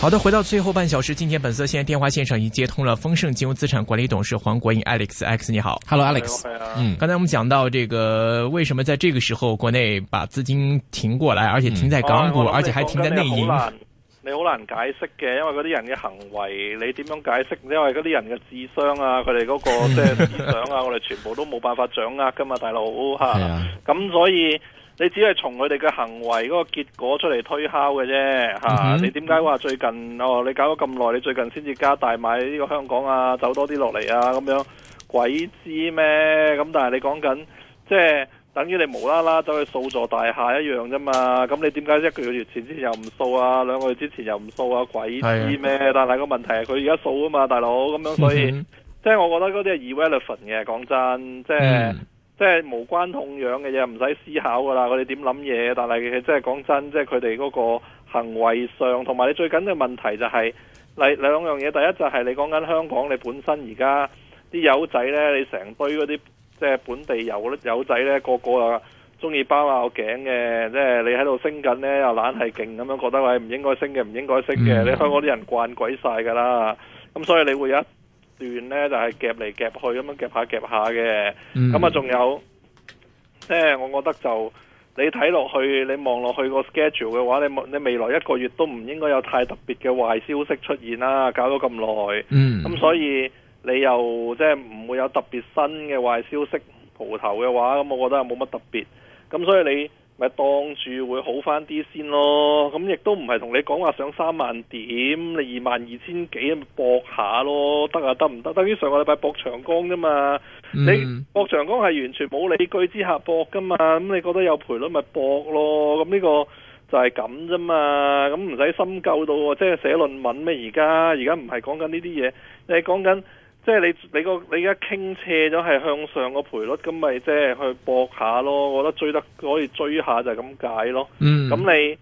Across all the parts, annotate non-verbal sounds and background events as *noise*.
好的，回到最後半小時，今天本色，現在電話線上已經接通了。豐盛金融資產管理董事黃國英 Alex，Alex 你好，Hello Alex。嗯，剛才我們講到這個，為什麼在這個時候國內把資金停過來，而且停在港股，嗯哦嗯、而且還停在內銀？你好難，難解釋嘅，因為嗰啲人嘅行為，你點樣解釋？因為嗰啲人嘅智商啊，佢哋嗰個即係 *laughs* 思想啊，我哋全部都冇辦法掌握噶嘛，大佬哈。咁、 *laughs* 嗯、所以。你只係從佢哋嘅行為嗰個結果出嚟推敲嘅啫，吓、啊嗯、哼你點解話最近哦，你搞咗咁耐，你最近先至加大買呢個香港啊，走多啲落嚟啊咁樣，鬼知咩？咁但係你講緊即係等於你無啦啦走去掃座大廈一樣啫嘛。咁你點解一個月前之前又唔掃啊，兩個月之前又唔掃啊，鬼知咩？的但係個問題係佢而家掃啊嘛，大佬咁樣，嗯、哼所以即係我覺得嗰啲係 irrelevant 嘅，講真，即係。嗯即係無關痛癢嘅嘢，唔使思考噶啦。我哋點諗嘢？但係其實即係講真，即係佢哋嗰個行為上，同埋你最緊嘅問題就係、是，例兩,兩樣嘢。第一就係你講緊香港，你本身而家啲友仔呢，你成堆嗰啲即係本地友咧友仔呢，個個啊中意包拗頸嘅，即係你喺度升緊呢，又懶係勁咁樣覺得我係唔應該升嘅，唔應該升嘅。你、mm hmm. 香港啲人慣鬼晒噶啦，咁所以你會有一。段咧、嗯、就係夾嚟夾去咁樣夾下夾下嘅，咁啊仲有，即係我覺得就你睇落去，你望落去個 schedule 嘅話，你你未來一個月都唔應該有太特別嘅壞消息出現啦，搞咗咁耐，咁、嗯嗯、所以你又即係唔會有特別新嘅壞消息蒲頭嘅話，咁我覺得係冇乜特別，咁所以你。咪當住會好返啲先咯，咁亦都唔係同你講話上三萬點，你二萬二千幾搏下咯，得啊得唔得？等於上個禮拜搏長江啫嘛，你搏長江係完全冇理據之下搏噶嘛，咁你覺得有賠率咪搏咯，咁呢個就係咁啫嘛，咁唔使深究到喎，即係寫論文咩而家，而家唔係講緊呢啲嘢，你講緊。即係你你個你而家傾斜咗係向上個賠率，咁咪即係去搏下咯。我覺得追得可以追下就係咁解咯。咁、嗯、你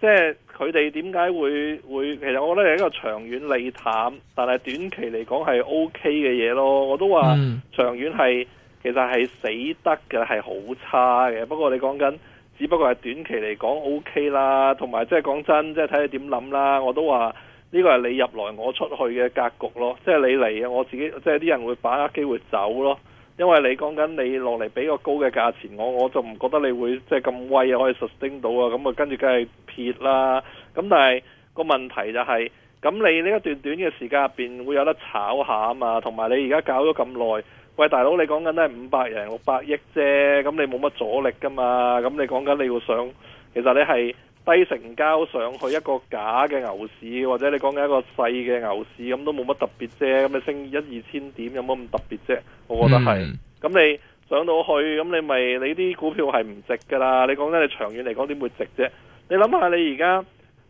即係佢哋點解會會？其實我覺得係一個長遠利淡，但係短期嚟講係 OK 嘅嘢咯。我都話長遠係、嗯、其實係死得嘅係好差嘅。不過你講緊，只不過係短期嚟講 OK 啦。同埋即係講真，即係睇你點諗啦。我都話。呢個係你入來我出去嘅格局咯，即係你嚟啊，我自己即係啲人會把握機會走咯，因為你講緊你落嚟俾個高嘅價錢我，我就唔覺得你會即係咁威可以 survive 到啊，咁啊跟住梗係撇啦。咁、嗯、但係個問題就係、是，咁、嗯、你呢一段短嘅時間入邊會有得炒下啊嘛，同埋你而家搞咗咁耐，喂大佬你講緊都係五百人六百億啫，咁、嗯、你冇乜阻力噶嘛，咁、嗯、你講緊你要想，其實你係。低成交上去一個假嘅牛市，或者你講緊一個細嘅牛市，咁都冇乜特別啫。咁你升一二千點，有乜咁特別啫？我覺得係。咁、嗯、你上到去，咁你咪你啲股票係唔值噶啦。你講緊你長遠嚟講點會值啫？你諗下，你而家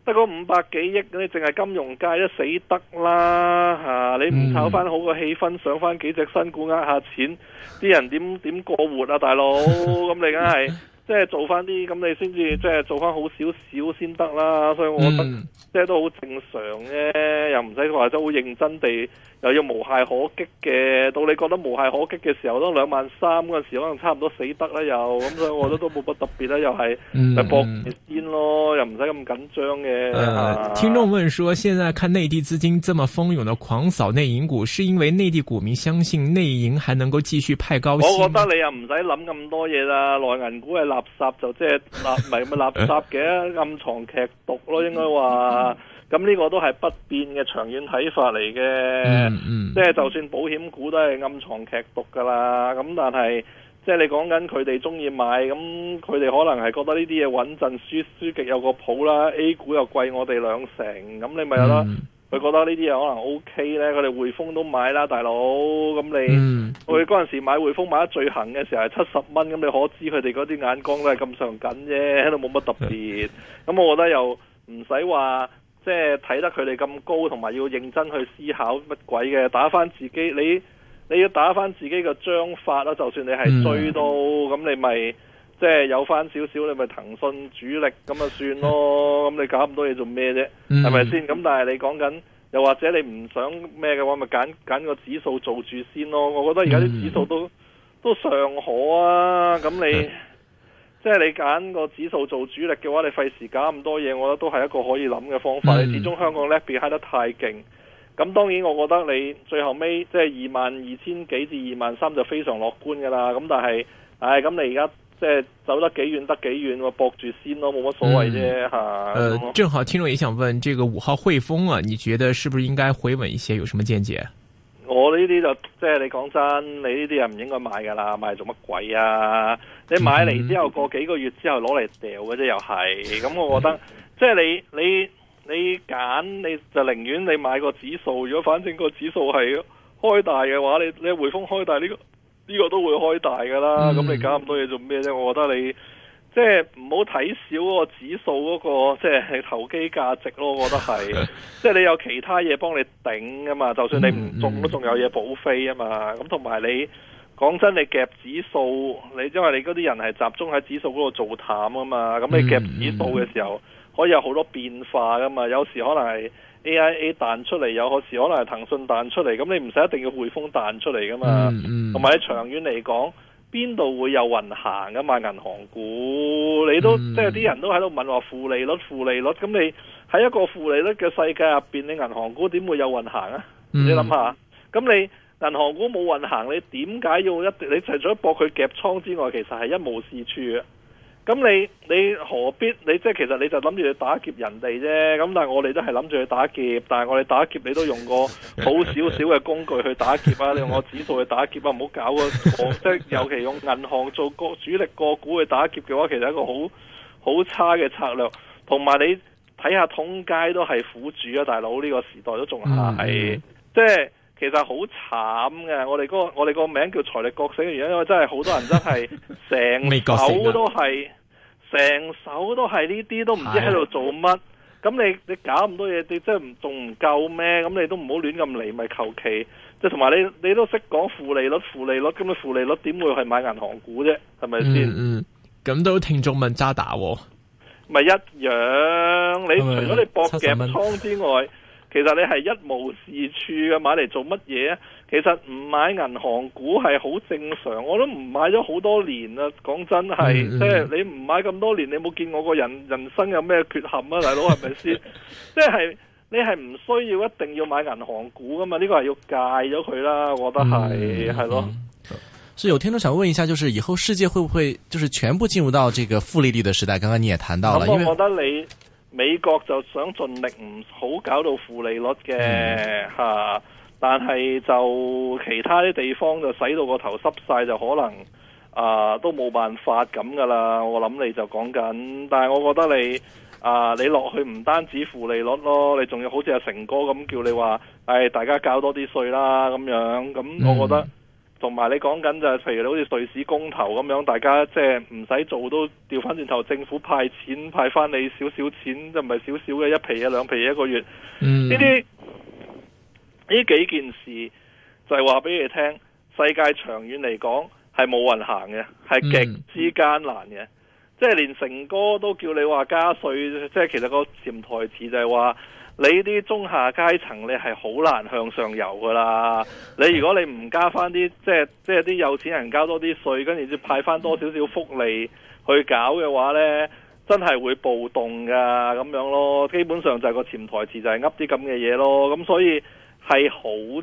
得個五百幾億，你淨係金融界都死得啦吓、啊。你唔炒翻好個氣氛，上翻幾隻新股呃下錢，啲人點點過活啊，大佬？咁你梗係。 *laughs* 即係做翻啲咁，你先至即係做翻好少少先得啦。所以我覺得、嗯、即係都好正常嘅，又唔使話即係好認真地，又要無懈可擊嘅。到你覺得無懈可擊嘅時候，都兩萬三嗰陣時候可能差唔多死得啦又。咁、嗯嗯、所以我覺得都冇乜特別啦，又係搏一啲咯，又唔使咁緊張嘅。嗯、吧聽眾問說，現在看內地資金這麼蜂擁地狂掃內銀股，是因為內地股民相信內銀還能夠繼續派高息？我覺得你又唔使諗咁多嘢啦，內銀股係。垃圾就即係垃，咪嘅垃圾嘅 *laughs* 暗藏劇毒咯，應該話。咁呢個都係不變嘅長遠睇法嚟嘅，嗯嗯、即係就算保險股都係暗藏劇毒噶啦。咁但係，即係你講緊佢哋中意買，咁佢哋可能係覺得呢啲嘢穩陣、輸，輸極有個譜啦。A 股又貴我哋兩成，咁你咪有得。嗯佢覺得呢啲嘢可能 OK 呢，佢哋匯豐都買啦，大佬。咁你，我哋嗰陣時候買匯豐買得最痕嘅時候係七十蚊，咁你可知佢哋嗰啲眼光都係咁上緊啫，喺度冇乜特別。咁、嗯、我覺得又唔使話，即係睇得佢哋咁高，同埋要認真去思考乜鬼嘅，打返自己。你你要打返自己嘅章法啦，就算你係追到，咁、嗯、你咪。即係有翻少少，你咪騰訊主力咁啊算咯，咁你搞咁多嘢做咩啫？係咪先？咁但係你講緊，又或者你唔想咩嘅話，咪揀揀個指數做住先咯。我覺得而家啲指數都、嗯、都尚可啊。咁你、嗯、即係你揀個指數做主力嘅話，你費事搞咁多嘢，我覺得都係一個可以諗嘅方法。你、嗯、始終香港叻邊嗨得太勁。咁當然，我覺得你最後尾即係二萬二千幾至二萬三就非常樂觀噶啦。咁但係，唉、哎、咁你而家。即係走得幾遠得幾遠，我搏住先咯，冇乜所謂啫吓。誒、嗯、呃、樣正好聽眾也想問，這個五號匯豐啊，你覺得是不是應該回穩一些？有什麼見解？我呢啲就即係你講真，你呢啲又唔應該買噶啦，買嚟做乜鬼啊？你買嚟之後、嗯、過幾個月之後攞嚟掉嘅啫，又係咁。我覺得、嗯、即係你你你揀，你就寧願你買個指數，如果反正個指數係開大嘅話，你你匯豐開大呢、個。呢個都會開大噶啦，咁你搞咁多嘢做咩啫？我覺得你即係唔好睇少個指數嗰個即係投機價值咯。我覺得係，即係你有其他嘢幫你頂啊嘛。就算你唔中、嗯、都仲有嘢補飛啊嘛。咁同埋你講真，你夾指數，你因為你嗰啲人係集中喺指數嗰度做淡啊嘛。咁你夾指數嘅時候，嗯、可以有好多變化㗎嘛。有時可能係。AIA 彈出嚟有可時，可能係騰訊彈出嚟，咁你唔使一定要匯豐彈出嚟噶嘛。同埋喺長遠嚟講，邊度會有運行噶嘛銀行股？你都、嗯、即係有啲人都喺度問話負利率、負利率，咁你喺一個負利率嘅世界入面，你銀行股點會有運行啊？嗯、你諗下，咁你銀行股冇運行，你點解要一？你除咗搏佢夾倉之外，其實係一無是處啊！咁你你何必你即係其實你就諗住去打劫人哋啫，咁但係我哋都係諗住去打劫，但係我哋打劫你都用個好少少嘅工具去打劫啊， *laughs* 你用個指數去打劫啊，唔好搞個即係尤其用銀行做個主力個股去打劫嘅話，其實係一個好好差嘅策略，同埋你睇下通街都係苦主啊，大佬呢、這個時代都仲係、嗯、即係。其實好慘嘅，我哋嗰、嗰個我哋個名叫財力覺醒嘅原因，因為真係好多人真係成手都係成 *laughs* 手都係呢啲，都唔知喺度做乜。咁的你你搞咁多嘢，你真係唔仲唔夠咩？咁你都唔好亂咁嚟，咪求其。即係同埋你你都識講負利率、負利率，咁啊負利率點會係買銀行股啫？係咪先？嗯，咁都聽眾問渣打、啊，咪一樣。你除咗你搏夾倉之外。是 *laughs* 其實你係一無是處嘅，買嚟做乜嘢啊？其實唔買銀行股係好正常，我都唔買咗好多年啦。講真係，嗯、即係你唔買咁多年，你冇見我個人人生有咩缺陷啊？大佬係咪先？是不是 *laughs* 即係你係唔需要一定要買銀行股噶嘛？呢、這個係要戒咗佢啦，我覺得係係、嗯、咯、嗯。所以有聽眾想問一下，就是以後世界會不會就是全部進入到這個負利率的時代？剛剛你也談到了，嗯、因為我覺得你。美國就想盡力唔好搞到負利率嘅、嗯啊、但係就其他啲地方就使到個頭濕晒，就可能啊都冇辦法咁噶啦。我諗你就講緊，但係我覺得你啊你落去唔單止負利率咯，你仲要好似阿成哥咁叫你話、哎，大家搞多啲稅啦咁樣，咁我覺得。嗯同埋你講緊就係譬如你好似瑞士公投咁樣，大家即係唔使做都調翻轉頭，政府派錢派翻你少少錢，就唔係少少嘅一皮啊兩皮一個月，呢啲呢幾件事就係話俾你聽，世界長遠嚟講係冇運行嘅，係極之艱難嘅。嗯嗯。即係連成哥都叫你話加稅，即係其實個潛台詞就係話你啲中下階層你係好難向上游噶啦。你如果你唔加翻啲即係即係啲有錢人交多啲稅，跟住再派翻多少少福利去搞嘅話呢真係會暴動噶咁樣咯。基本上就係個潛台詞就係噏啲咁嘅嘢咯。咁所以係好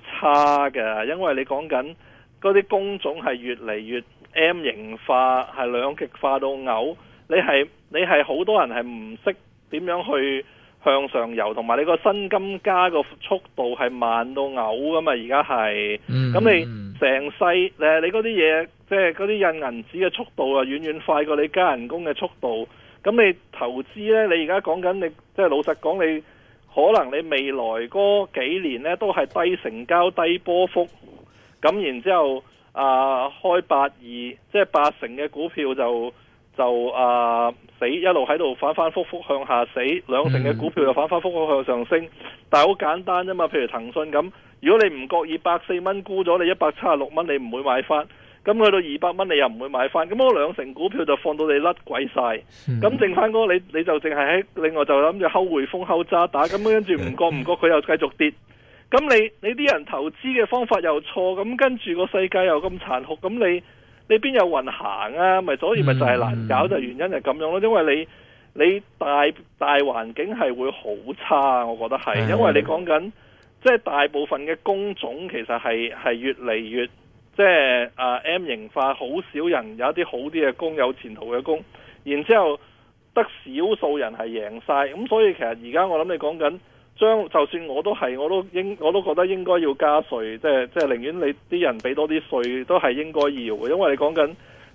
差㗎，因為你講緊嗰啲工種係越嚟越 M 型化，係兩極化到嘔。你係你係好多人係唔識點樣去向上遊，同埋你個薪金加個速度係慢到嘔噶嘛？而家係，咁、嗯、你成世你嗰啲嘢，即係嗰啲印銀紙嘅速度啊，遠遠快過你加人工嘅速度。咁你投資呢，你而家講緊你，即係老實講，你可能你未來嗰幾年呢，都係低成交、低波幅，咁然之後啊、呃，開八二，即係八成嘅股票就。就啊、呃、死一路喺度反反覆覆向下死，兩成嘅股票又反反覆覆向上升，但係好簡單啫嘛。譬如騰訊咁，如果你唔覺意百四蚊沽咗你一百七十六蚊，你唔會買翻，咁去到二百蚊你又唔會買翻，咁嗰兩成股票就放到你甩鬼曬，咁剩翻嗰個你你就淨係喺另外就諗住後回風後渣打，咁跟住唔覺唔覺佢又繼續跌，咁你你啲人投資嘅方法又錯，咁跟住個世界又咁殘酷，咁你。你邊有運行啊？咪所以咪就係難搞的，就、嗯、原因係咁樣咯。因為你你大大環境係會好差，我覺得係，嗯、因為你講緊即係大部分嘅工種其實係係越嚟越即係啊 M 型化，好少人有一啲好啲嘅工、有前途嘅工，然之後得少數人係贏晒。咁所以其實而家我諗你講緊。將就算我都係我都應我都覺得應該要加稅，即係即係寧願你啲人俾多啲稅都係應該要嘅，因為你講緊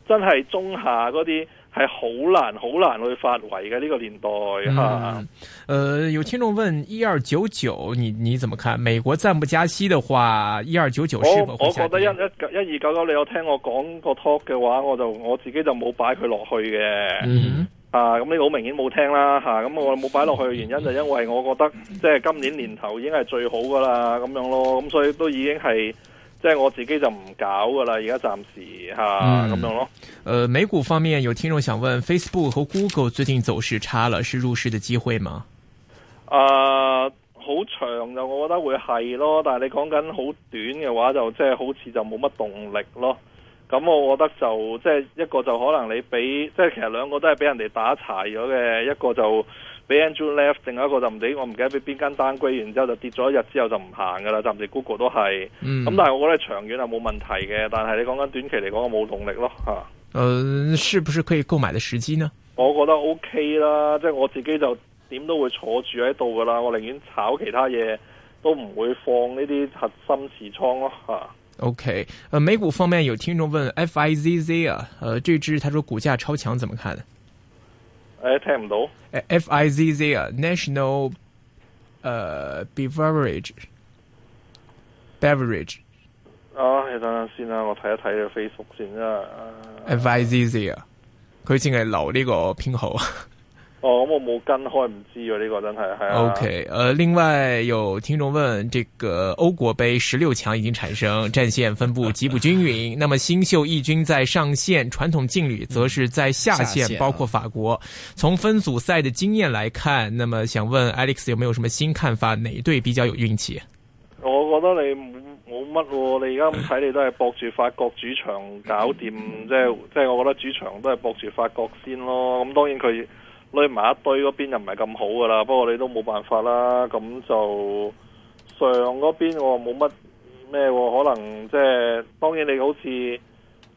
真係中下嗰啲係好難好難去發圍嘅呢個年代嚇、嗯啊呃。有聽眾問一二九九，你你怎麼看美國暫不加息的話，一二九九是否我？我覺得一一一二九九，99, 你有聽我講個 talk 嘅話，我就我自己就冇擺佢落去嘅。嗯。啊，咁、這、呢個好明顯冇聽啦，吓、啊、咁、啊啊、我冇擺落去嘅原因就因為我覺得即係、嗯嗯、今年年頭已經係最好噶啦，咁樣咯，咁所以都已經係即係我自己就唔搞噶啦，而家暫時吓咁、啊嗯、樣咯。誒、呃，美股方面有聽眾想問，Facebook 和 Google 最近走勢差了，是入市嘅機會嗎？啊、呃，好長就我覺得會係咯，但係你講緊好短嘅話就即係好似就冇乜動力咯。咁我覺得就即係一個就可能你俾即係其實兩個都係俾人哋打柴咗嘅，一個就俾 Andrew Left，另外一個就唔知我唔記得俾邊間 down 歸，然之後就跌咗一日之後就唔行噶啦，暫時 Google 都係，咁、嗯、但係我覺得長遠係冇問題嘅，但係你講緊短期嚟講我冇動力咯嚇。誒、呃，是不是可以購買嘅時機呢？我覺得 OK 啦，即係我自己就點都會坐住喺度噶啦，我寧願炒其他嘢，都唔會放呢啲核心持倉咯嚇。OK，呃，美股方面有聽眾問 FIZZ 啊，I z、z, 呃，這支他說股價超強，怎麼看呢？誒，聽唔到 f i z z 啊，National，呃，Beverage，Beverage 啊，係等陣先啦、啊，我睇一睇嘅 Facebook 先啦。FIZZ 啊，佢淨係留呢個編號。拼哦，咁、這個、我冇跟開，唔知喎，呢個真係係啊。OK，呃，另外有聽眾問，這個歐國盃十六強已經產生，戰線分佈極不均勻。 *laughs* 那麼新秀異軍在上線，傳統勁旅則是在下線，嗯、下線包括法國。嗯、從分組賽的經驗來看，那麼想問 Alex 有沒有什麼新看法？哪一隊比較有運氣？我覺得你冇乜喎，你而家睇你都係博住法國主場搞掂，即係即係我覺得主場都係博住法國先咯。咁當然佢。堆埋一堆嗰邊又唔係咁好噶啦，不過你都冇辦法啦，咁就上嗰邊我冇乜咩可能、就是，即係當然你好似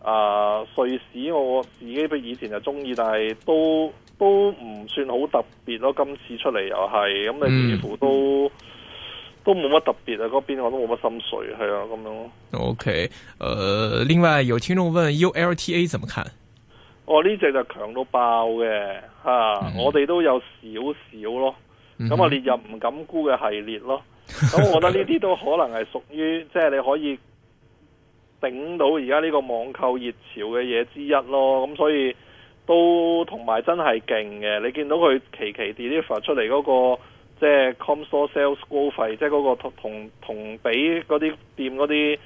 啊、呃、瑞士，我自己比以前就中意，但係都都唔算好特別咯。今次出嚟又係咁，你幾乎都、嗯、都冇乜特別啊。嗰邊我都冇乜心水，係啊咁樣。OK，呃，另外有聽眾問 ULTA 怎麼看？我呢隻就強到爆嘅，啊 mm hmm. 我哋都有少少咯，咁啊列入唔敢沽嘅系列咯。咁、mm hmm. 我覺得呢啲都可能係屬於即係、就是、你可以頂到而家呢個網購熱潮嘅嘢之一咯。咁所以都同埋真係勁嘅。你見到佢期期 deliver 出嚟嗰，那個即係、就是、com store sales growth 費，即係嗰個同同同比嗰啲店嗰啲。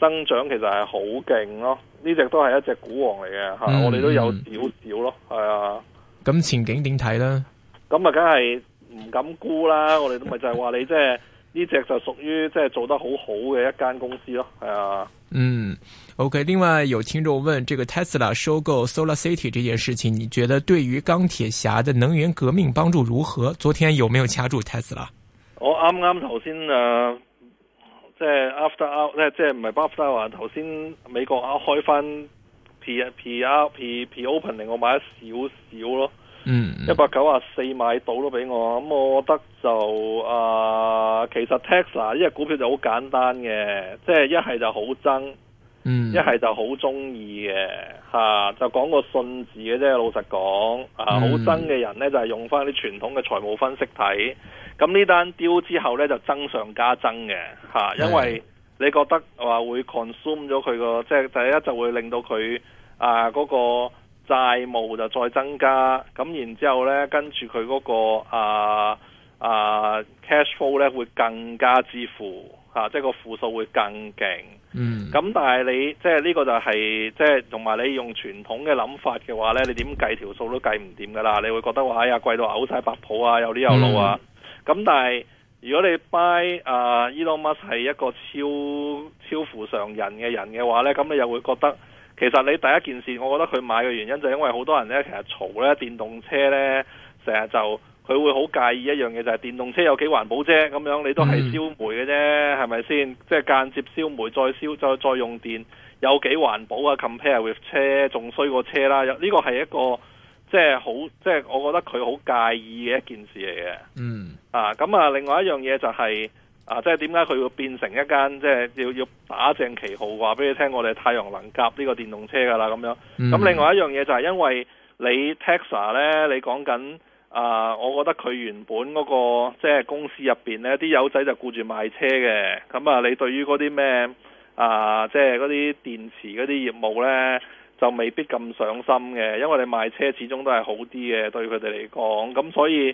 增長其實係好勁咯，呢隻都係一隻股王嚟嘅吓，我哋都有少少咯，係、嗯、啊。咁前景點睇呢？咁啊、嗯，梗係唔敢估啦。我哋咪就係話你即係呢隻就屬於即係做得好好嘅一間公司咯，係啊。嗯，OK。另外有聽眾問，這個 Tesla 收購 SolarCity 這件事情，你覺得對於鋼鐵俠的能源革命幫助如何？昨天有沒有掐住 Tesla？我啱啱頭先誒。呃即係 after out 咧，即係唔係 after out，頭先美國啱開翻 P P R P opening，令我買咗少少咯。嗯，一百九十四買到都俾我，咁、嗯、我覺得就啊、呃，其實 Tesla 呢隻股票就好簡單嘅，即係一係就好憎，一係、嗯、就好中意嘅吓，就講個信字嘅啫。老實講啊，好憎嘅人咧就係、是、用翻啲傳統嘅財務分析睇。咁呢單丟之後呢，就增上加增嘅、啊，因為你覺得話會 consume 咗佢個，即係第一就會令到佢啊嗰、那個債務就再增加，咁然之後呢，跟住佢嗰個啊，啊 cash flow 呢，會更加之負嚇、啊，即係個負數會更勁。嗯。咁但係你即係呢個就係、是、即係同埋你用傳統嘅諗法嘅話呢，你點計條數都計唔掂噶啦，你會覺得話哎呀貴到嘔晒白泡啊，有呢有路啊。嗯。咁但係，如果你 buy、uh, Elon Musk 係一個超超乎常人嘅人嘅話呢，咁你又會覺得其實你第一件事，我覺得佢買嘅原因就係因為好多人呢，其實嘈呢，電動車呢，成日就佢會好介意一樣嘢就係電動車有幾環保啫，咁樣你都係燒煤嘅啫，係咪先？即係間接燒煤，再燒再再用電有幾環保啊？Compare with 車仲衰過車啦，呢、呢個係一個。即係好，即係、就是、我覺得佢好介意嘅一件事嚟嘅。嗯。啊，咁啊，另外一樣嘢就係、是、啊，即係點解佢會變成一間即係、就是、要要打正旗號，話俾你聽，我哋係太陽能夾呢個電動車㗎啦咁樣。咁、嗯、另外一樣嘢就係因為你 Tesla 咧，你講緊啊，我覺得佢原本嗰、那個即係、就是、公司入邊咧，啲友仔就顧住賣車嘅。咁啊，你對於嗰啲咩啊，即係嗰啲電池嗰啲業務咧？就未必咁上心嘅，因為你賣車始終都係好啲嘅，對佢哋嚟講，咁所以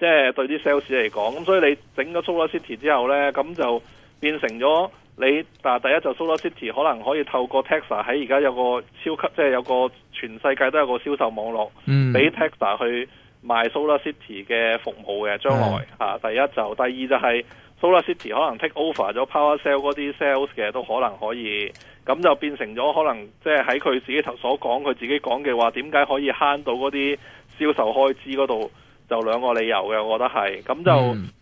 即係對啲 sales 嚟講，咁所以你整咗 SolarCity 之後呢，咁就變成咗你，但、啊、第一就 SolarCity 可能可以透過 Tesla 喺而家有個超級，即、就、係、是、有個全世界都有個銷售網絡，俾、嗯、Tesla、er、去賣 SolarCity 嘅服務嘅將來、嗯啊、第一就，第二就係、是。Solar City 可能 take over 咗 Power sell 嗰啲 sales 嘅，都可能可以，咁就變成咗可能即係喺佢自己頭所講，佢自己講嘅話點解可以慳到嗰啲銷售開支嗰度，就兩個理由嘅，我覺得係，咁就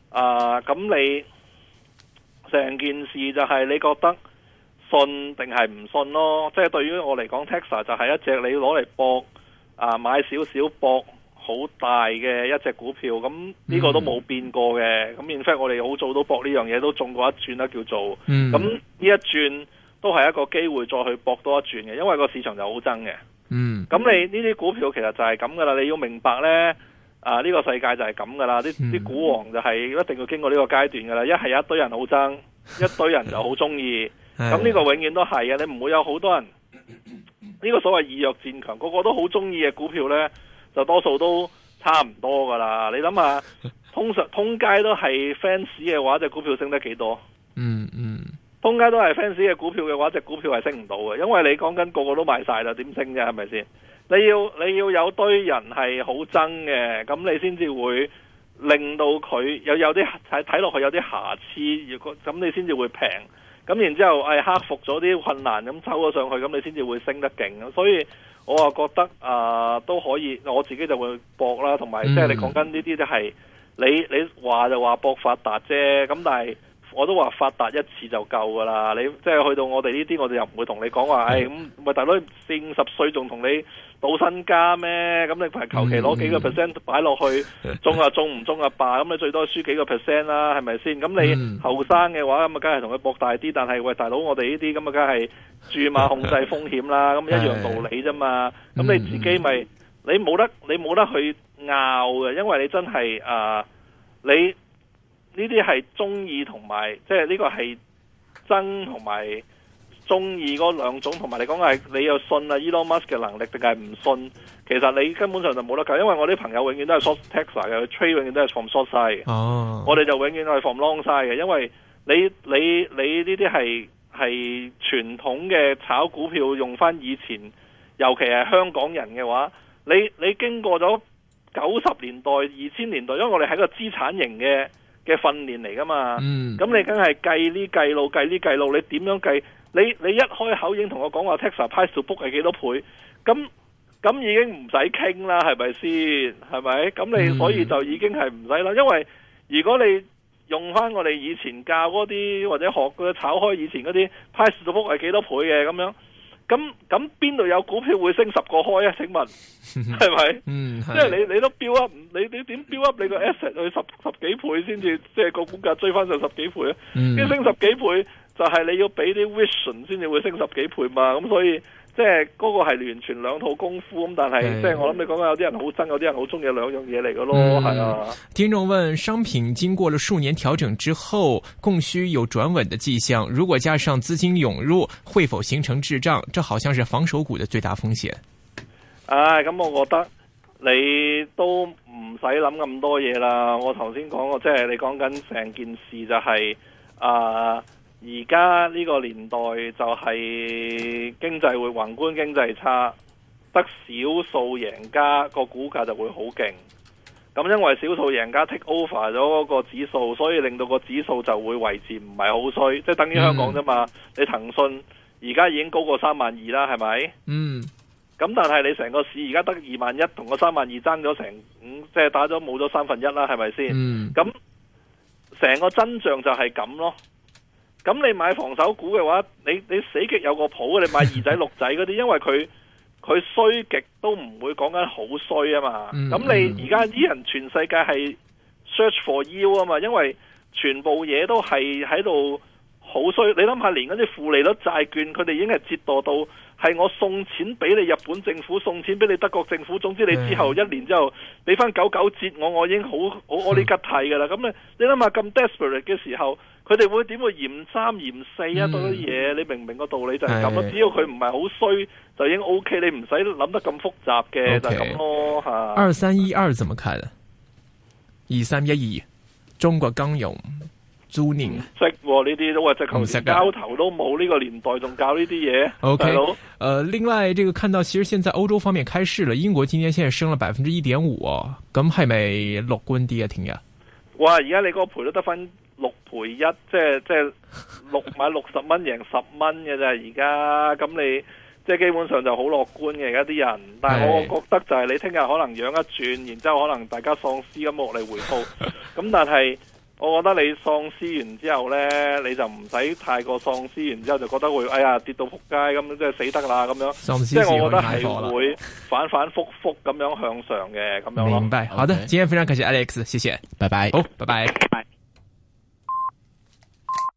啊，咁、mm. 呃、你成件事就係你覺得信定係唔信咯？即係對於我嚟講 Tesla 就係一隻你要攞嚟搏啊，買少少搏。好大嘅一隻股票，咁呢個都冇變過嘅。咁、嗯、in fact，我哋好早都搏呢樣嘢，都中過一轉啦，叫做。咁呢、嗯、一轉都係一個機會，再去搏多一轉嘅，因為個市場就好憎嘅。嗯，咁你呢啲股票其實就係咁噶啦，你要明白呢。啊、呢、這個世界就係咁噶啦，啲啲股王就係一定要經過呢個階段噶啦。一係一堆人好憎，一堆人就好中意。咁呢 *laughs* 個永遠都係嘅，你唔會有好多人呢、這個所謂以弱戰強，個個都好中意嘅股票呢。就多數都差唔多噶啦，你諗下，通常通街都係 fans 嘅話，隻股票升得幾多嗯？嗯嗯，通街都係 fans 嘅股票嘅話，隻股票係升唔到嘅，因為你講緊個個都賣晒啦，點升啫？係咪先？你要你要有堆人係好憎嘅，咁你先至會令到佢有有啲睇睇落去有啲瑕疵，如果咁你先至會平，咁然之後係、哎、克服咗啲困難咁抽咗上去，咁你先至會升得勁，所以。我啊覺得啊、呃、都可以，我自己就會搏啦，同埋即係你講緊呢啲就係你你話就話搏發達啫，咁但係。我都話發達一次就夠噶啦，你即係去到我哋呢啲，我哋又唔會同你講話，誒咁、嗯哎，喂大佬，四十歲仲同你賭身家咩？咁你求其攞幾個 percent 擺落去，嗯、中啊中唔中啊罷，咁 *laughs* 你最多輸幾個 percent 啦，係咪先？咁你後生嘅話咁啊，梗係同佢博大啲，但係喂大佬，我哋呢啲咁啊，梗係注碼控制風險啦，咁、嗯、一樣道理啫嘛。咁、嗯、你自己咪、就是、你冇得你冇得去拗嘅，因為你真係誒、呃、你。呢啲係中意同埋，即係呢個係憎同埋中意嗰兩種，同埋你講嘅係你有信啊、e、，Elon Musk 嘅能力，定係唔信？其實你根本上就冇得救，因為我啲朋友永遠都係 sh、er、short Tesla 嘅，吹永遠都係 from short side。哦，我哋就永遠都係 from long side 嘅，因為你你你呢啲係係傳統嘅炒股票，用翻以前，尤其係香港人嘅話，你你經過咗九十年代、二千年代，因為我哋係一個資產型嘅。嘅訓練嚟噶嘛？咁你梗係計呢計路計呢計路，你點樣計？你你一開口已經同我講話 Tesla PB book 係幾多倍？咁咁已經唔使傾啦，係咪先？係咪？咁你所以就已經係唔使啦。因為如果你用翻我哋以前教嗰啲或者學嘅炒開以前嗰啲 PB book 係幾多倍嘅咁樣。咁咁邊度有股票會升十個開啊？請問係咪？ *laughs* 是是，嗯，即係你你都 build up 你，你點 build up 你個 asset 去十十幾倍先至，即係個股價追翻上十幾倍啊！啲、嗯、升十幾倍就係你要俾啲 vision 先至會升十幾倍嘛，咁所以。即係嗰、那個係完全兩套功夫咁，但係對即係我諗你講緊有啲人好憎，有啲人好中意兩樣嘢嚟嘅咯，係、嗯、啊。聽眾問：商品經過了數年調整之後，供需有轉穩嘅迹象，如果加上資金湧入，會否形成滯脹？這好像是防守股的最大風險。唉、哎，咁、嗯、我覺得你都唔使諗咁多嘢啦。我頭先講過即係你講緊成件事就係、是、啊。呃而家呢個年代就係經濟會宏觀經濟差，得少數贏家個股價就會好勁。咁因為少數贏家 take over 咗個指數，所以令到個指數就會維持唔係好衰，即係等於香港啫嘛。Mm. 你騰訊而家已經高過三萬二啦，係咪？嗯。咁但係你成個市而家得二萬一同個三萬二爭咗成五，即係打咗冇咗三分一啦，係咪先？嗯。咁成個真相就係咁咯。咁你買防守股嘅話，你你死極有個譜，你買二仔六仔嗰啲，因為佢佢衰極都唔會講緊好衰啊嘛。咁、嗯嗯、你而家啲人全世界係 search for yield 啊嘛，因為全部嘢都係喺度。好衰！你諗下，連嗰啲負利率債券，佢哋已經係折墮到係我送錢俾你日本政府，送錢俾你德國政府。總之，你之後、嗯、一年之後俾翻九九折，狗狗我我已經好好我呢吉替噶啦。咁咧、嗯，你諗下咁 desperate 嘅時候，佢哋會點會嫌三嫌四啊？多啲嘢，你明唔明個道理就係咁啦？嗯、只要佢唔係好衰，就已經 OK。你唔使諗得咁複雜嘅，okay，就咁咯吓。二三一二點樣睇咧？二三一二，中國金融。租賃識呢啲都話交投都冇，呢個年代仲搞呢啲嘢。O K，誒，另外，這個看到其實現在歐洲方面開市啦，英國今年現在升咗百分之一點五，咁係咪樂觀啲啊？聽、嗯、日？啊、哇，而家你個賠率得翻六賠一，即係即係六買六十蚊贏十蚊嘅咋？而家咁你即係基本上就好樂觀嘅而家啲人，但係我覺得就係你聽日可能揚一轉，然之後可能大家喪屍咁落嚟回吐，咁、 *laughs* 嗯、但係。我覺得你喪屍完之後咧，你就唔使太過喪屍完之後就覺得會哎呀跌到仆街咁，即係死得啦咁樣。喪屍係會反覆啦。即係我覺得係會反反復復咁樣向上嘅咁 *laughs* 樣咯。明白。Okay. 好的，今天非常感謝 Alex，謝謝，拜拜。好，拜拜。